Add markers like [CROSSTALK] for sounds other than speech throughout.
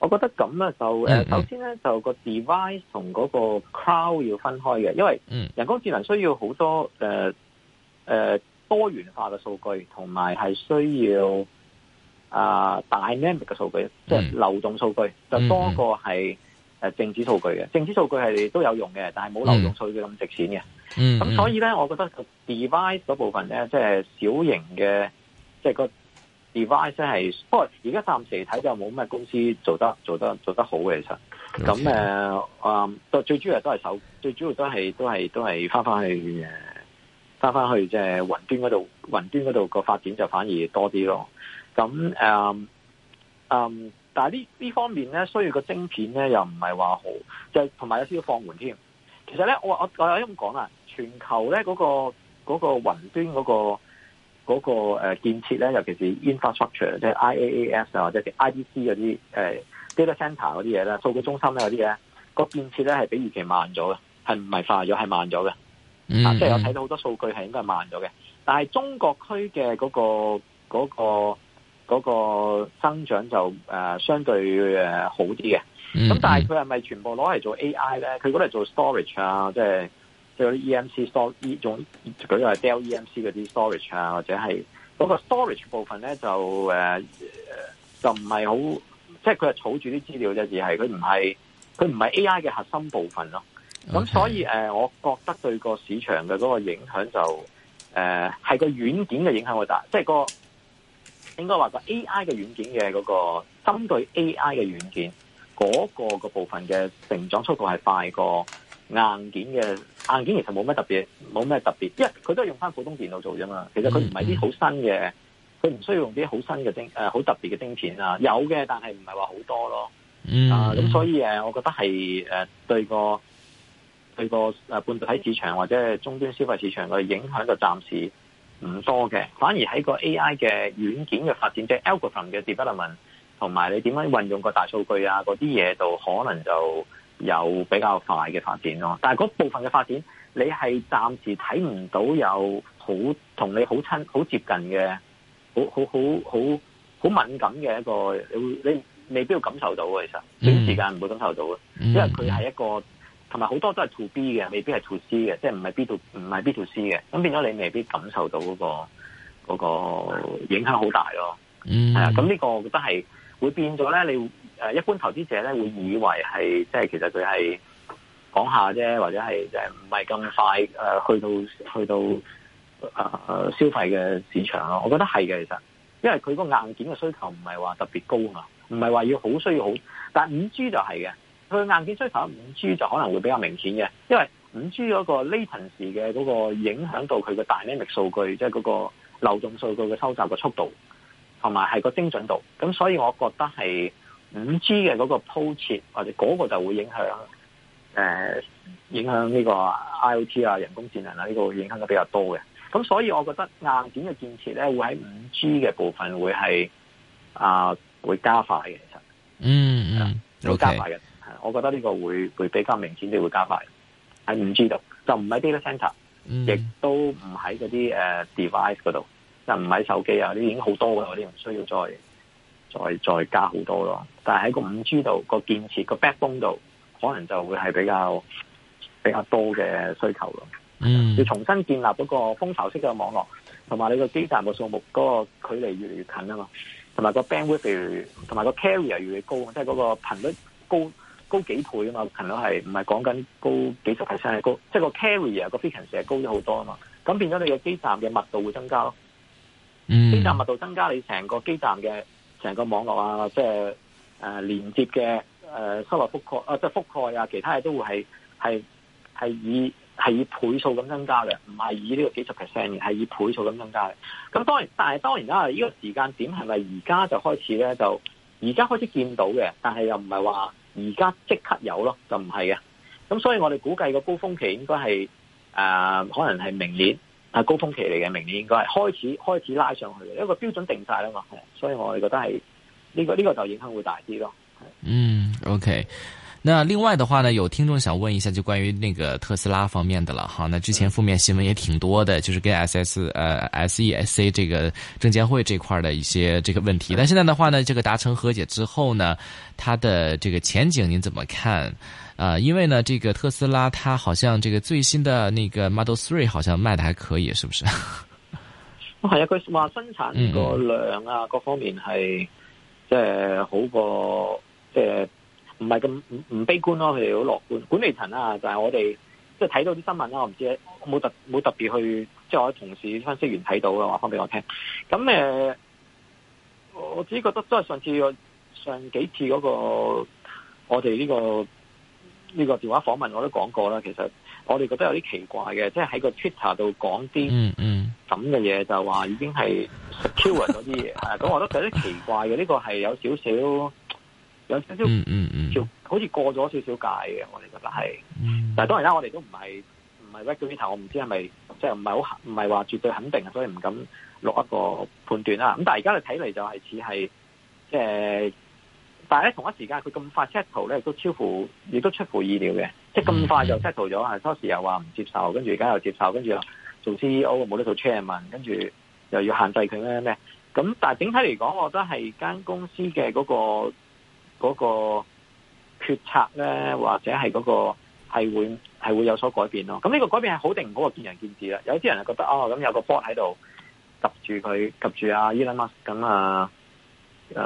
我覺得咁咧就誒、呃 mm hmm. 首先咧就個 device 同嗰 cloud 要分開嘅，因為人工智能需要好多誒誒、呃呃、多元化嘅數據同埋係需要啊、呃、dynamic 嘅數據，mm hmm. 即係流動數據，就多過係誒靜止數據嘅。靜止數據係都有用嘅，但係冇流動數據咁值錢嘅。嗯、mm，咁、hmm. 所以咧，我覺得 device 嗰部分咧，即、就、係、是、小型嘅，即、就、係、是、個。device 咧，係不過而家暫時睇就冇咩公司做得做得做得好嘅，其實，咁誒最最主要都係手，最主要都係都係都係翻翻去誒，翻翻去即係雲端嗰度，雲端嗰度個發展就反而多啲咯。咁誒誒，但係呢呢方面咧，需要個晶片咧又唔係話好，就同埋有少少放緩添。其實咧，我我我有咁講啊，全球咧嗰個嗰個雲端嗰個。那個那個嗰、嗰個、呃、建設咧，尤其是 infrastructure，即係 IAAS 啊，或者 IDC 嗰啲誒、呃、data centre 嗰啲嘢咧，數據中心咧嗰啲咧，嗰個建設咧係比預期慢咗嘅，係唔係快咗係慢咗嘅？即係、mm hmm. 啊就是、我睇到好多數據係應該係慢咗嘅。但係中國區嘅嗰、嗰個嗰增、嗰個嗰個嗰個、長就誒、呃、相對誒、呃、好啲嘅。咁、mm hmm. 但係佢係咪全部攞嚟做 AI 咧？佢嗰度做 storage 啊，即、就、係、是。啲 E.M.C. stor 依種，佢又係 Dell E.M.C. 嗰啲 storage 啊，或者係嗰個 storage 部分咧，就誒、呃、就唔係好即係佢係儲住啲資料啫，而係佢唔係，佢唔係 A.I. 嘅核心部分咯。咁所以誒、呃、我覺得對個市場嘅嗰個影響就誒係、呃、個軟件嘅影響會大，即係個應該話個 A.I. 嘅軟件嘅嗰、個針對 A.I. 嘅軟件嗰、個個部分嘅成長速度係快過硬件嘅。硬件其實冇咩特別，冇咩特別，因為佢都係用翻普通電腦做啫嘛。其實佢唔係啲好新嘅，佢唔需要用啲好新嘅晶誒好特別嘅晶片啊。有嘅，但係唔係話好多咯。嗯、呃，啊，咁所以誒，我覺得係誒、呃、對個對個誒、呃、半導體市場或者係終端消費市場嘅影響就暫時唔多嘅，反而喺個 A I 嘅軟件嘅發展，即、就、係、是、algorithm 嘅 development 同埋你點樣運用個大數據啊嗰啲嘢度，那些東西就可能就。有比較快嘅發展咯，但係嗰部分嘅發展，你係暫時睇唔到有好同你好親好接近嘅，好好好好好敏感嘅一個，你會你未必會感受到嘅、那個，其實短時間唔會感受到嘅，因為佢係一個同埋好多都係 to B 嘅，未必係 to C 嘅，即係唔係 B to 唔係 B to C 嘅，咁變咗你未必感受到嗰個影響好大咯，係、嗯、啊，咁呢個我覺得係會變咗咧，你。誒，一般投資者咧會以為係，即係其實佢係講下啫，或者係誒唔係咁快誒去到去到誒、啊、消費嘅市場咯。我覺得係嘅，其實因為佢嗰個硬件嘅需求唔係話特別高啊嘛，唔係話要好需要好，但係五 G 就係、是、嘅，佢硬件需求五 G 就可能會比較明顯嘅，因為五 G 嗰個 latency 嘅嗰個影響到佢嘅 dynamic 數據，即係嗰個流動數據嘅收集嘅速度同埋係個精準度，咁所以我覺得係。五 G 嘅嗰個鋪設或者嗰個就會影響，誒、呃、影響呢個 IOT 啊、人工智能啊呢、呢個會影響得比較多嘅。咁所以我覺得硬件嘅建設咧會喺五 G 嘅部分會係啊會加快嘅。其實，嗯嗯，會加快嘅。係，我覺得呢個會會比較明顯啲會加快的。喺五 G 度就唔係 data center，亦、嗯、都唔喺啲誒 device 度，即係唔喺手機啊呢啲已經好多嘅，我哋唔需要再。再再加好多咯，但係喺個五 G 度個建設個 backbone 度，可能就會係比較比較多嘅需求咯。嗯、mm，hmm. 要重新建立嗰個蜂巢式嘅網絡，同埋你個基站嘅數目嗰個距離越嚟越近啊嘛，同埋個 bandwidth，同埋個 carrier 越嚟越高，即係嗰個頻率高高幾倍啊嘛，頻率係唔係講緊高幾十 percent 係高，即、就、係、是、個 carrier 個 frequency 係高咗好多啊嘛，咁變咗你嘅基站嘅密度會增加咯。嗯、mm，基、hmm. 站密度增加，你成個基站嘅。成個網絡啊，即係、呃、連接嘅收入覆蓋啊，即係覆蓋啊，其他嘢都會係係係以係以倍數咁增加嘅，唔係以呢個幾十 percent 係以倍數咁增加嘅。咁當然，但係當然啦，呢個時間點係咪而家就開始咧？就而家開始見到嘅，但係又唔係話而家即刻有咯，就唔係嘅。咁所以我哋估計個高峰期應該係誒、呃，可能係明年。係高峰期嚟嘅，明年應該係開始開始拉上去嘅，一個標準定晒啦嘛，所以我哋覺得係呢個呢個就影響會大啲咯。嗯，OK。那另外嘅話呢，有聽眾想問一下，就關於那個特斯拉方面嘅啦，哈，那之前負面新聞也挺多嘅，就是跟 S S，S E C A 這個證監會這塊的一些這個問題，嗯、但現在嘅話呢，這個達成和解之後呢，它的這個前景您怎麼看？啊，因為呢，這個特斯拉，它好像這個最新的那個 Model Three，好像賣得還可以，是不是？係啊、哦，佢話生產個量啊，嗯、各方面係即係好過，即係唔係咁唔唔悲觀咯，佢哋好樂觀。管理層啊，就係、是、我哋即係睇到啲新聞啦、啊，我唔知冇特冇特別去，即係我同事分析員睇到嘅話，翻俾我聽。咁誒，我自己覺得都係上次上幾次個我哋呢個。我呢個電話訪問我都講過啦，其實我哋覺得有啲奇怪嘅，即係喺個 Twitter 度講啲咁嘅嘢，就話已經係 secure 咗啲嘢，係咁， [LAUGHS] 我覺得有啲奇怪嘅。呢、這個係有少少有少少，少少 [LAUGHS] 好似過咗少少界嘅。我哋覺得係， [LAUGHS] 但係當然啦，我哋都唔係唔係 read the tweet 我唔知係咪即係唔係好唔係話絕對肯定啊，所以唔敢落一個判斷啦。咁但係而家你睇嚟就係似係即係。就是但係咧同一時間佢咁快 settle 咧，都超乎亦都出乎意料嘅，即係咁快就 settle 咗。初時又話唔接受，跟住而家又接受，跟住又做 CEO 冇得做 Chairman，跟住又要限制佢咩咩。咁但係整體嚟講，我覺得係間公司嘅嗰個嗰個決策咧，或者係嗰個係會係會有所改變咯。咁呢個改變係好定唔好啊？見仁見智啦。有啲人係覺得哦，咁有個 board 喺度及住佢及住阿 Elon Musk 咁啊。誒，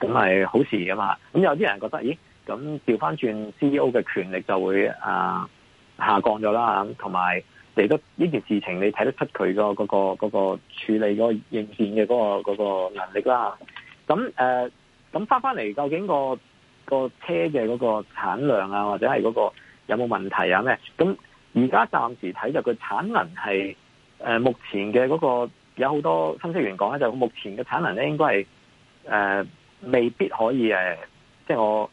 咁係、呃、好事噶嘛？咁有啲人覺得，咦？咁調翻轉 C E O 嘅權力就會誒、呃、下降咗啦，同埋嚟得呢件事情，你睇得出佢、嗰個嗰、嗰個嗰、嗰個處理嗰個應變嘅嗰、嗰個嗰、嗰個能力啦。咁誒，咁翻翻嚟，究竟個個車嘅嗰個產量啊，或者係嗰個有冇問題啊？咩？咁而家暫時睇就佢產能係誒，目前嘅嗰、嗰個有好多分析員講咧，就目前嘅產能咧應該係。誒、呃，未必可以誒、呃，即係我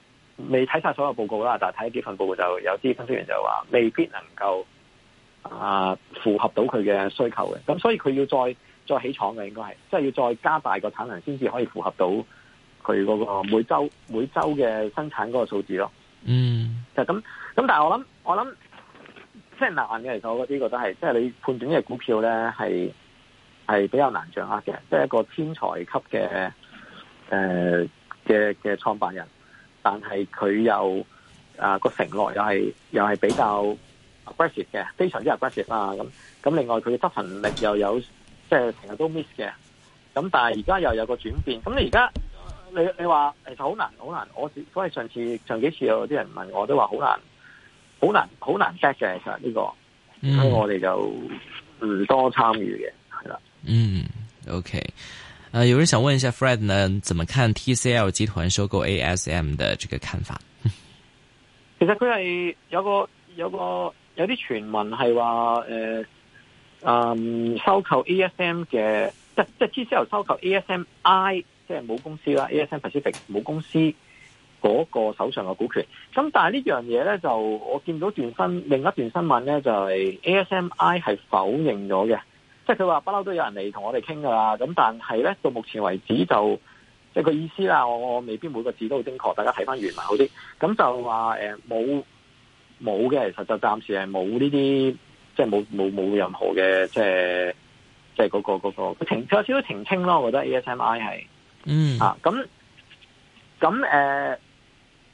未睇晒所有報告啦，但係睇幾份報告就有啲分析員就話未必能夠啊、呃、符合到佢嘅需求嘅，咁、嗯、所以佢要再再起廠嘅應該係，即係要再加大個產能，先至可以符合到佢嗰個每周每周嘅生產嗰個數字咯。嗯，就咁咁，但係我諗我諗即係難嘅其實我覺得，呢個都係即係你判斷啲嘅股票咧，係係比較難掌握嘅，即係一個天才級嘅。誒嘅嘅創辦人，但係佢又啊個承諾又係又係比較 aggressive 嘅，非常之 aggressive 啦。咁咁。另外佢嘅執行力又有即係成日都 miss 嘅。咁但係而家又有個轉變。咁你而家你你話其實好難好難。我我係上次上幾次有啲人問我，都話好難，好難好難 set 嘅。其實呢個、嗯、所以我哋就唔多參與嘅，係啦。嗯，OK。啊、有人想問一下 Fred 呢？怎麼看 TCL 集團收購 ASM 嘅這個看法？其實佢係有個有個有啲傳聞係話誒，嗯，收購 ASM 嘅，即即 TCL 收購 ASMI，即係冇公司啦，ASM Pacific 冇公司嗰個手上嘅股權。咁但係呢樣嘢呢，就我見到段新另一段新聞呢，就係、是、ASMI 係否認咗嘅。即係佢話不嬲都有人嚟同我哋傾㗎啦，咁但係咧到目前為止就即係個意思啦，我我未必每個字都好精確，大家睇返原文好啲。咁就話誒冇冇嘅，其實就暫時係冇呢啲，即係冇冇冇任何嘅，即係即係嗰、嗰個、嗰個佢停、嗰個、有少少澄清咯，我覺得 ASMI 係嗯啊咁咁誒，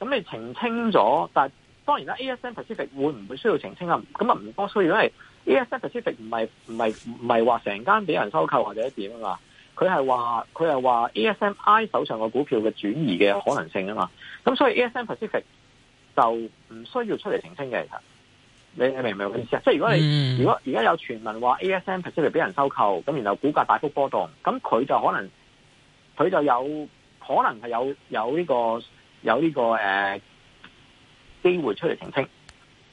咁你、呃、澄清咗，但係。當然啦，ASM Pacific 會唔會需要澄清啊？咁啊唔多需要，因為 ASM Pacific 唔係唔係唔係話成間俾人收購或者點啊嘛？佢係話佢係話 ASMI 手上個股票嘅轉移嘅可能性啊嘛。咁所以 ASM Pacific 就唔需要出嚟澄清嘅。其實你明唔明我意思啊？嗯、即係如果你如果而家有傳聞話 ASM Pacific 俾人收購，咁然後股價大幅波動，咁佢就可能佢就有可能係有有呢個有呢個誒。呃機會出嚟澄清，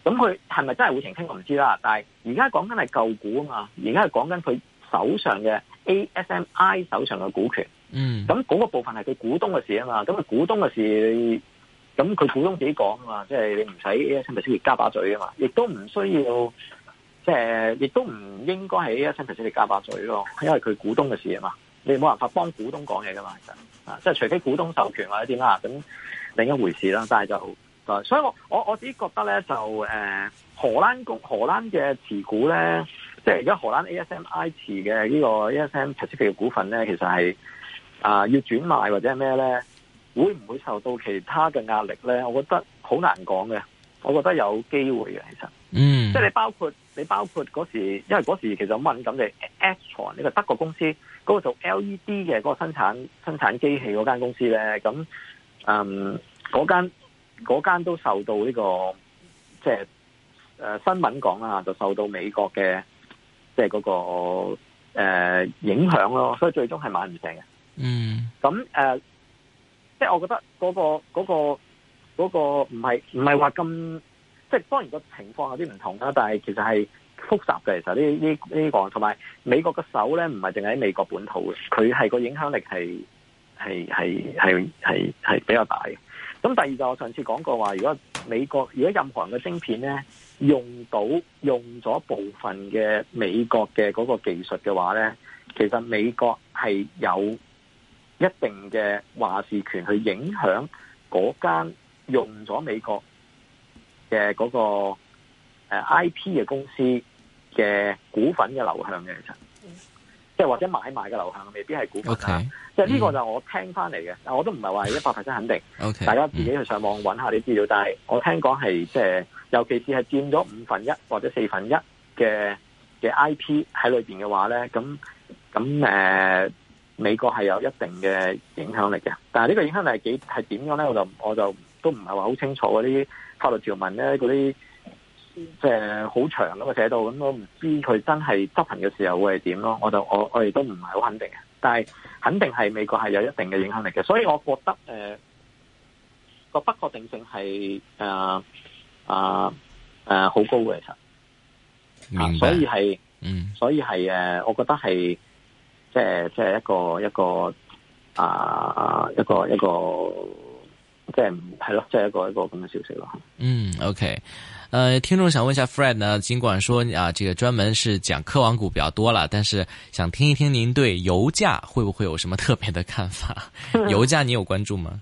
咁佢係咪真係會澄清，我唔知啦。但係而家講緊係舊股啊嘛，而家係講緊佢手上嘅 A S M I 手上嘅股權，嗯，咁嗰個部分係佢股東嘅事啊嘛。咁佢股東嘅事，咁佢股東自己講啊嘛，即係你唔使 A S M I 加把嘴啊嘛，亦都唔需要，即係亦都唔應該係 A S M I 加把嘴咯，因為佢股東嘅事啊嘛，你冇辦法幫股東講嘢噶嘛，啊，即係除非股東授權或者點啦咁另一回事啦。但係就。所以我我我自己覺得咧就誒、呃、荷蘭公荷蘭嘅持股咧，即係而家荷蘭 ASMI 持嘅呢個 ASM Pacific 嘅股份咧，其實係啊、呃、要轉賣或者咩咧，會唔會受到其他嘅壓力咧？我覺得好難講嘅，我覺得有機會嘅，其實，嗯，mm. 即係你包括你包括嗰時，因為嗰時其實好敏感嘅 Xtron 呢個德國公司嗰、嗰個做 LED 嘅嗰個生產生產機器嗰間公司咧，咁嗯嗰間。嗰間都受到呢、這個即係、呃、新聞講啦，就受到美國嘅即係嗰、那個、呃、影響咯，所以最終係買唔成嘅。嗯，咁誒、呃，即係我覺得嗰、那個嗰、那個嗰、那個唔係唔係話咁，即係當然個情況有啲唔同啦，但係其實係複雜嘅，其實呢呢呢個同埋美國嘅手咧，唔係淨係喺美國本土嘅，佢係個影響力係係係係比較大嘅。咁第二就，我上次講過話，如果美國如果任何人嘅芯片咧用到用咗部分嘅美國嘅嗰個技術嘅話咧，其實美國係有一定嘅話事權去影響嗰間用咗美國嘅嗰個誒 IP 嘅公司嘅股份嘅流向嘅其實。即係或者買賣嘅流行未必係股份，即係呢個就我聽翻嚟嘅。但、嗯、我都唔係話一百 percent 肯定。Okay, 大家自己去上網揾下啲資料，嗯、但係我聽講係即係，尤其是係佔咗五分一或者四分一嘅嘅 IP 喺裏邊嘅話咧，咁咁誒，美國係有一定嘅影響力嘅。但係呢個影響力係幾係點樣咧？我就我就都唔係話好清楚嗰啲法律條文咧，嗰啲。即係好長咁寫到，咁我唔知佢真係執行嘅時候會係點咯，我就我我亦都唔係好肯定嘅。但係肯定係美國係有一定嘅影響力嘅，所以我覺得誒個、呃、不確定性係誒誒誒好高嘅，其實。明白。所以係，嗯、啊，所以係誒，我覺得係即係即係一個一個啊、呃、一個一個即係唔係咯，即係一個一個咁嘅消息咯。嗯，OK。誒、呃，聽眾想問一下 Fred 呢？盡管說啊，這個專門是講科網股比較多啦，但是想聽一聽您對油價會不會有什麼特別的看法？ [LAUGHS] 油價你有關注嗎？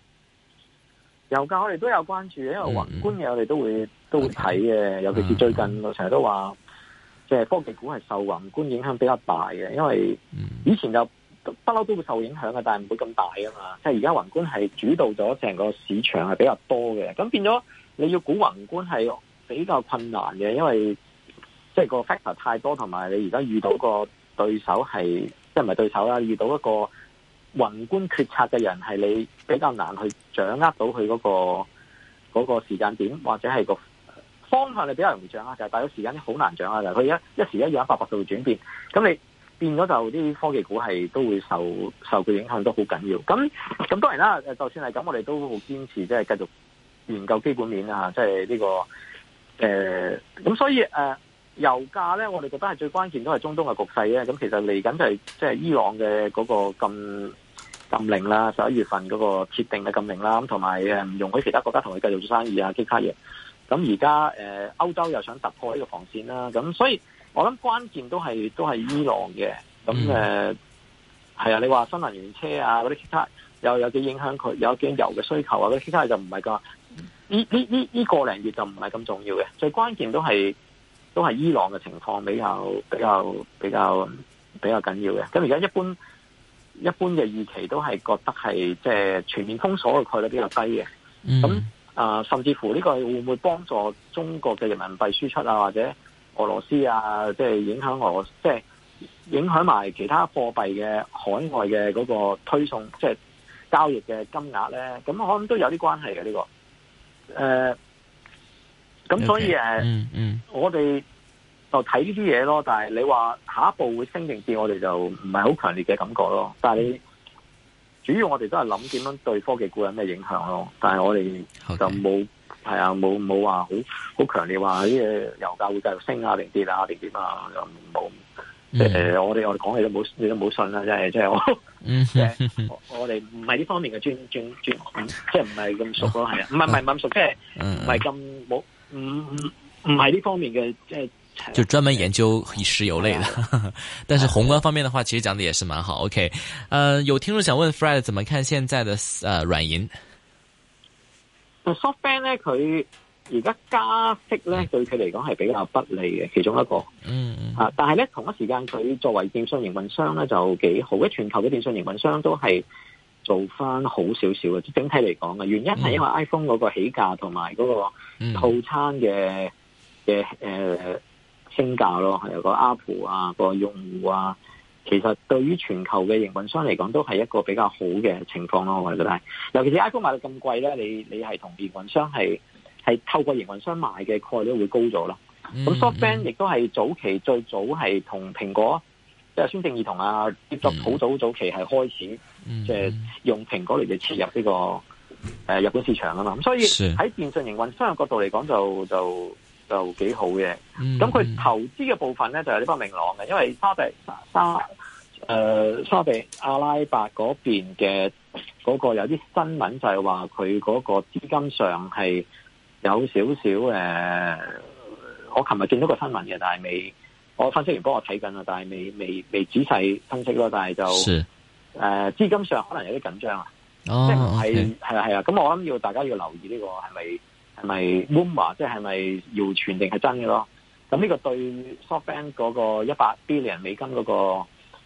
油價我哋都有關注，因為宏觀嘅我哋都會、嗯、都會睇嘅，okay. 尤其是最近我成日都話，即係、嗯、科技股係受宏觀影響比較大嘅，因為以前就不嬲都會受影響嘅，但係唔會咁大啊嘛。即係而家宏觀係主導咗成個市場係比較多嘅，咁變咗你要估宏觀係，比較困難嘅，因為即係個 factor 太多，同埋你而家遇到個對手係即係唔係對手啦，遇到一個宏觀決策嘅人係你比較難去掌握到佢嗰個嗰個時間點，或者係個方向你比較容易掌握，就係大係個時間好難掌握噶，佢一一時一樣發白度轉變，咁你變咗就啲科技股係都會受受佢影響，都好緊要。咁咁當然啦，就算係咁，我哋都好堅持即係繼續研究基本面啦，即係呢個。誒，咁，呃、所以誒、呃，油價咧，我哋覺得係最關鍵都係中東嘅局勢咧。咁其實嚟緊就係即係伊朗嘅嗰個禁禁令啦，十一月份嗰個設定嘅禁令啦，咁同埋誒唔容許其他國家同佢繼續做生意啊，其他嘢。咁而家誒，歐、呃、洲又想突破呢個防線啦、啊。咁所以我諗關鍵都係都係伊朗嘅。咁誒，係、嗯呃、啊，你話新能源車啊，嗰啲其他又有幾影響佢，有啲油嘅需求啊，嗰啲其他就唔係噶。呢呢呢呢個零月就唔係咁重要嘅，最關鍵都係都係伊朗嘅情況比較比較比較比較緊要嘅。咁而家一般一般嘅預期都係覺得係即係全面封鎖嘅概率比較低嘅。咁啊、嗯呃，甚至乎呢個會唔會幫助中國嘅人民幣輸出啊，或者俄羅斯啊，即係影響俄羅斯，即係影響埋其他貨幣嘅海外嘅嗰個推送，即係交易嘅金額咧？咁可能都有啲關係嘅呢個。誒，咁、呃、所以誒，嗯嗯、Okay. Mm-hmm. 我哋就睇呢啲嘢咯。但係你話下一步會升定跌，我哋就唔係好強烈嘅感覺咯。但係你主要我哋都係諗點樣對科技股有咩影響咯。但係我哋就冇，係 Okay. 啊，冇，冇話好好強烈話呢嘢油價會繼續升啊，定跌啊，定跌啊，又、嗯、冇。即係、嗯呃、我哋我哋講起都冇，你都冇信啦！真係真係我， [LAUGHS] 即係我哋唔係呢方面嘅專專，專，專，專、嗯、即係唔係咁熟咯，係啊，唔係唔係咁熟，即係唔係咁冇，唔唔係呢方面嘅，即、嗯、係就專門研究石油類嘅，嗯、但是宏觀方面嘅話，其實講得也是蠻好。OK，嗯，uh, 有聽眾想問 Fred 怎麼看現在的，誒、呃、軟銀？SoftBank 咧佢。而家加息咧，對佢嚟講係比較不利嘅其中一個。嗯、啊，但係咧同一時間，佢作為電信營運商咧就幾好，全球嘅電信營運商都係做翻好少少嘅，即整體嚟講嘅原因係因為 iPhone 嗰個起價同埋嗰個套餐嘅嘅誒升價咯，有個 Apple 啊、嗰個用戶啊，其實對於全球嘅營運商嚟講都係一個比較好嘅情況咯，我哋覺得。尤其是 iPhone 賣到咁貴咧，你你係同營運商係。係透過營運商賣嘅概率會高咗啦、mm。咁 SoftBank 亦都係早期最早係同蘋果，即係孫正義同阿、啊、接觸好早早期係開始就是、這個，即係用蘋果嚟嘅切入呢個誒日本市場啊嘛。咁所以喺電信營運商嘅角度嚟講，就就就幾好嘅。咁佢投資嘅部分咧就有啲唔明朗嘅，因為沙特沙誒沙、呃、沙特阿拉伯嗰邊嘅嗰個有啲新聞就係話佢嗰個資金上係。有少少誒、呃，我琴日見到個新聞嘅，但係未，我分析完幫我睇緊啦，但係未未未仔細分析咯，但係就誒是、呃、資金上可能有啲緊張啊，哦、即係係係啊，咁 okay 我諗要大家要留意呢、這個係咪係咪 rumor 即係咪謠傳定係真嘅咯？咁呢個對 SoftBank 嗰個一百 billion 美金嗰、那個嗰、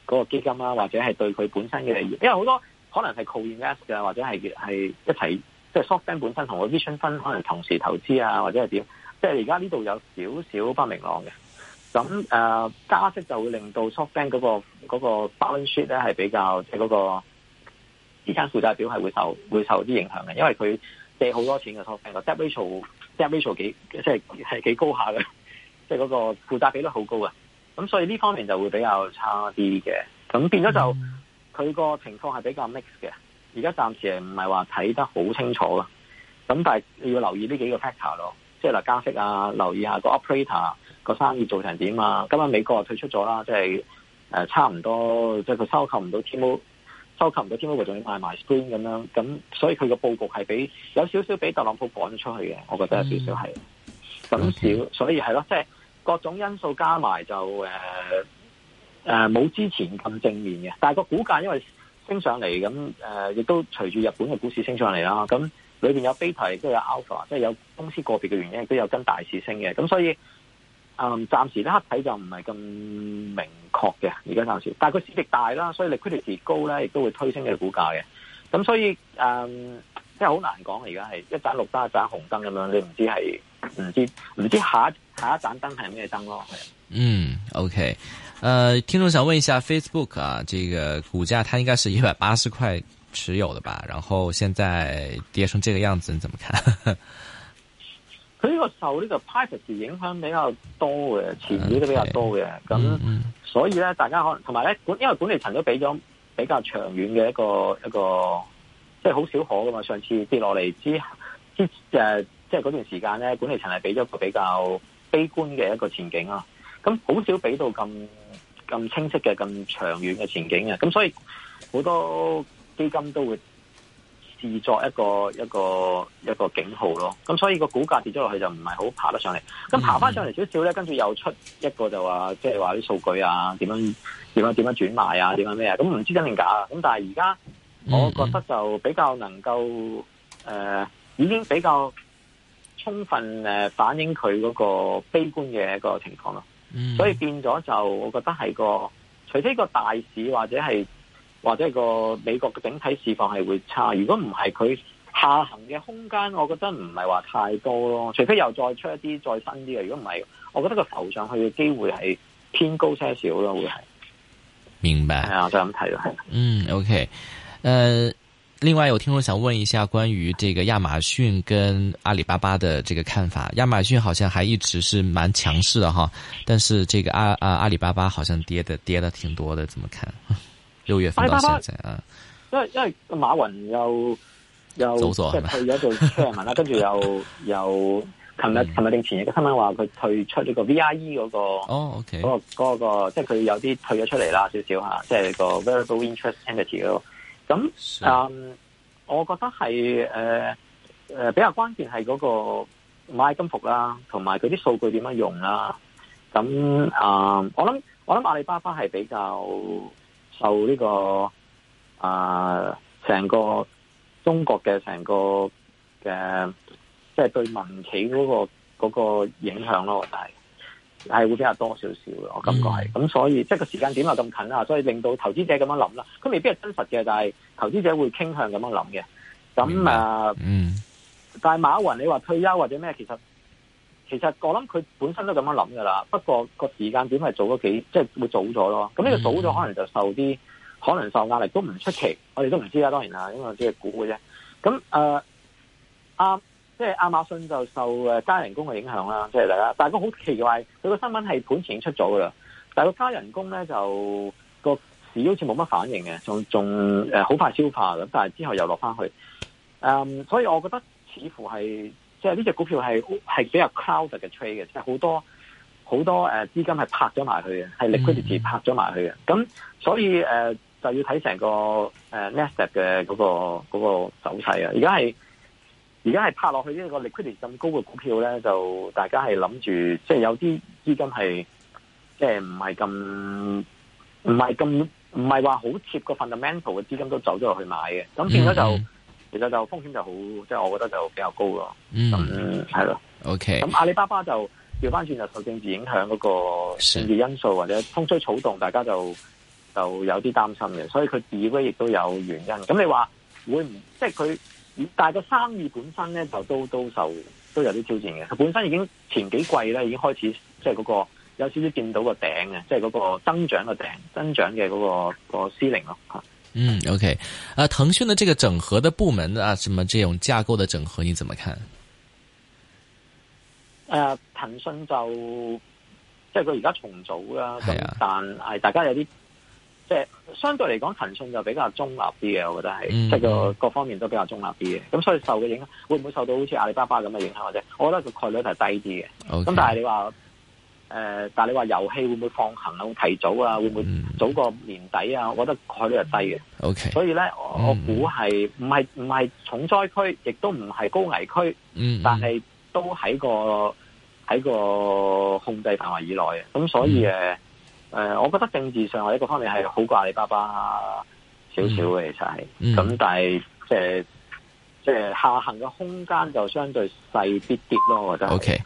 那個、基金啦，或者係對佢本身嘅，利益，因為好多可能係 co-invest 嘅，或者係係一齊。即係 softbank 本身同個 vision fund 可能同時投資啊，或者係點？即係而家呢度有少少不明朗嘅。咁誒、呃、加息就會令到 softbank 嗰、嗰個嗰個 balance sheet 咧係比較即係嗰個資產負債表係會受會受啲影響嘅，因為佢借好多錢嘅 softbank 個、mm hmm. debt ratio debt ratio 幾即係係幾高下嘅，即係嗰個負債比率好高嘅。咁所以呢方面就會比較差啲嘅。咁變咗就佢個情況係比較 mixed 嘅。而家暫時誒唔係話睇得好清楚啦，咁但係要留意呢幾個 factor 咯，即係嗱加息啊，留意下個 operator 個生意做成點啊。今日美國又退出咗啦，即係誒差唔多，即係佢收購唔到 T-Mobile，收購唔到 T-Mobile 仲要賣埋 screen 咁樣，咁所以佢個佈局係比有少少比特朗普趕咗出去嘅，我覺得有少少係咁少，okay. 所以係咯，即係、就是、各種因素加埋就誒誒冇之前咁正面嘅，但係個股價因為，升上嚟咁，誒亦、呃、都隨住日本嘅股市升上嚟啦。咁裏邊有 beta 亦都有 alpha，即係有公司個別嘅原因亦都有跟大市升嘅。咁所以，嗯、呃，暫時咧黑體就唔係咁明確嘅，而家暫時。但係佢市值大啦，所以 liquidity 高咧，亦都會推升嘅股價嘅。咁所以，嗯、呃，即係好難講。而家係一盞綠燈一盞紅燈咁樣，你唔知係唔知唔知下一下一盞燈係咩燈咯？係嗯，OK。誒、呃，聽眾想問一下 Facebook 啊，這個股價，它應該是一百八十塊持有的吧？然後現在跌成這個樣子，你怎麼看？佢 [LAUGHS] 呢個受呢個 privacy 影響比較多嘅，前景都比較多嘅，咁 Okay. 所以呢，嗯嗯大家可能同埋呢，因為管理層都俾咗比較長遠嘅一個一個，即係好少可㗎嘛。上次跌落嚟之之誒，即係嗰段時間呢，管理層係俾咗個比較悲觀嘅一個前景啊。咁好少俾到咁。咁清晰嘅、咁長遠嘅前景啊，咁所以好多基金都會視作一個一個一個警號咯。咁所以個股價跌咗落去就唔係好爬得上嚟。咁爬翻上嚟少少咧，跟住、嗯、又出一個就話，即係話啲數據啊，點樣點樣點樣轉賣啊，點樣咩啊？咁唔知真定假啊？咁但係而家我覺得就比較能夠誒、呃，已經比較充分誒，反映佢嗰個悲觀嘅一個情況咯。Mm hmm. 所以變咗就，我覺得係個，除非個大市或者係或者個美國嘅整體市況係會差，如果唔係，佢下行嘅空間，我覺得唔係話太高咯。除非又再出一啲再新啲嘅，如果唔係，我覺得個浮上去嘅機會係偏高些少咯，會係。明白，係啊，我就咁睇咯，係、mm, okay. uh。嗯，OK，誒。另外，有聽眾想問一下關於這個亞馬遜跟阿里巴巴的這個看法。亞馬遜好像還一直是蠻強勢的哈，但是這個阿啊阿里巴巴好像跌的跌的挺多的，怎麼看？六月份到現在啊，因為因為馬雲又又即係退咗做 Chairman 啦，跟住又又琴日琴日定前日嘅新聞話佢退出呢個 VIE 嗰個哦，OK，嗰個嗰個即係佢有啲退咗出嚟啦，少少吓，即係個 Variable Interest Entity 咯。咁嗯，我覺得係誒誒比較關鍵係嗰個螞蟻金服啦，同埋嗰啲數據點樣用啦。咁啊，我諗我諗阿里巴巴係比較受呢個啊成個中國嘅成個嘅，即係對民企嗰個嗰個影響咯，大。係會比較多少少嘅。我感覺係，咁、嗯、所以即係個時間點又咁近啦，所以令到投資者咁樣諗啦，佢未必係真實嘅，但係投資者會傾向咁樣諗嘅。咁啊，嗯，啊、但係馬雲你話退休或者咩，其實其實我諗佢本身都咁樣諗噶啦，不過個時間點係早咗幾，即係會早咗咯。咁呢個早咗，可能就受啲，可能受壓力都唔出奇，我哋都唔知啦、啊，當然啦，因為只係估嘅啫。咁、呃、啊即係亞馬遜就受誒加人工嘅影響啦，即、就、係、是、大家，但係好奇怪，佢、那個新聞係盤前已經出咗啦，但係佢加人工咧就、那個市好似冇乜反應嘅，仲仲好快消化咁，但係之後又落翻去，誒、嗯，所以我覺得似乎係即係呢隻股票係係比較 cloud 嘅 trade 嘅，即係好多好多誒、呃、資金係拍咗埋去嘅，係 liquidity、嗯、拍咗埋去嘅，咁所以誒、呃、就要睇成個 Nasdaq 嘅嗰、那個嗰、那個走勢啊，而家係。而家係拍落去呢、這個 liquidity 咁高嘅股票咧，就大家係諗住，即係有啲資金係，即係唔係咁唔係咁唔係話好貼個 fundamental 嘅資金都走咗落去買嘅，咁變咗就、嗯嗯、其實就風險就好，即係我覺得就比較高咯。嗯，係咯，OK。咁阿里巴巴就調翻轉就受政治影響，嗰個政治因素或者風吹草動，大家就就有啲擔心嘅，所以佢跌咧亦都有原因。咁你話會唔即係佢？但係個生意本身咧就都都受都有啲挑戰嘅，佢本身已經前幾季咧已經開始即係嗰個有少少見到個頂嘅，即係嗰個增長嘅頂增長嘅嗰、那個、那個 ceiling 咯吓。嗯，OK，啊，騰訊的這個整合的部門啊，什麼這種架構的整合，你怎麼看？誒、啊，騰訊就即係佢而家重組啦、啊，啊、但係大家有啲。即係相對嚟講，騰訊就比較中立啲嘅，我覺得係、嗯、即係個各方面都比較中立啲嘅。咁所以受嘅影響，會唔會受到好似阿里巴巴咁嘅影響，或者我覺得個概率係低啲嘅。咁 Okay. 但係你話誒、呃，但係你話遊戲會唔會放行啊？會提早啊？會唔會早過年底啊？我覺得概率係低嘅。O K。所以咧，我估係唔係唔係重災區，亦都唔係高危區，嗯嗯，但係都喺個喺個控制範圍以內嘅。咁所以誒。嗯誒、呃，我覺得政治上或者各方面係好過阿里巴巴、嗯、少少嘅，其實係，咁但係、嗯、即係即係下行嘅空間就相對細啲啲咯，我覺得。OK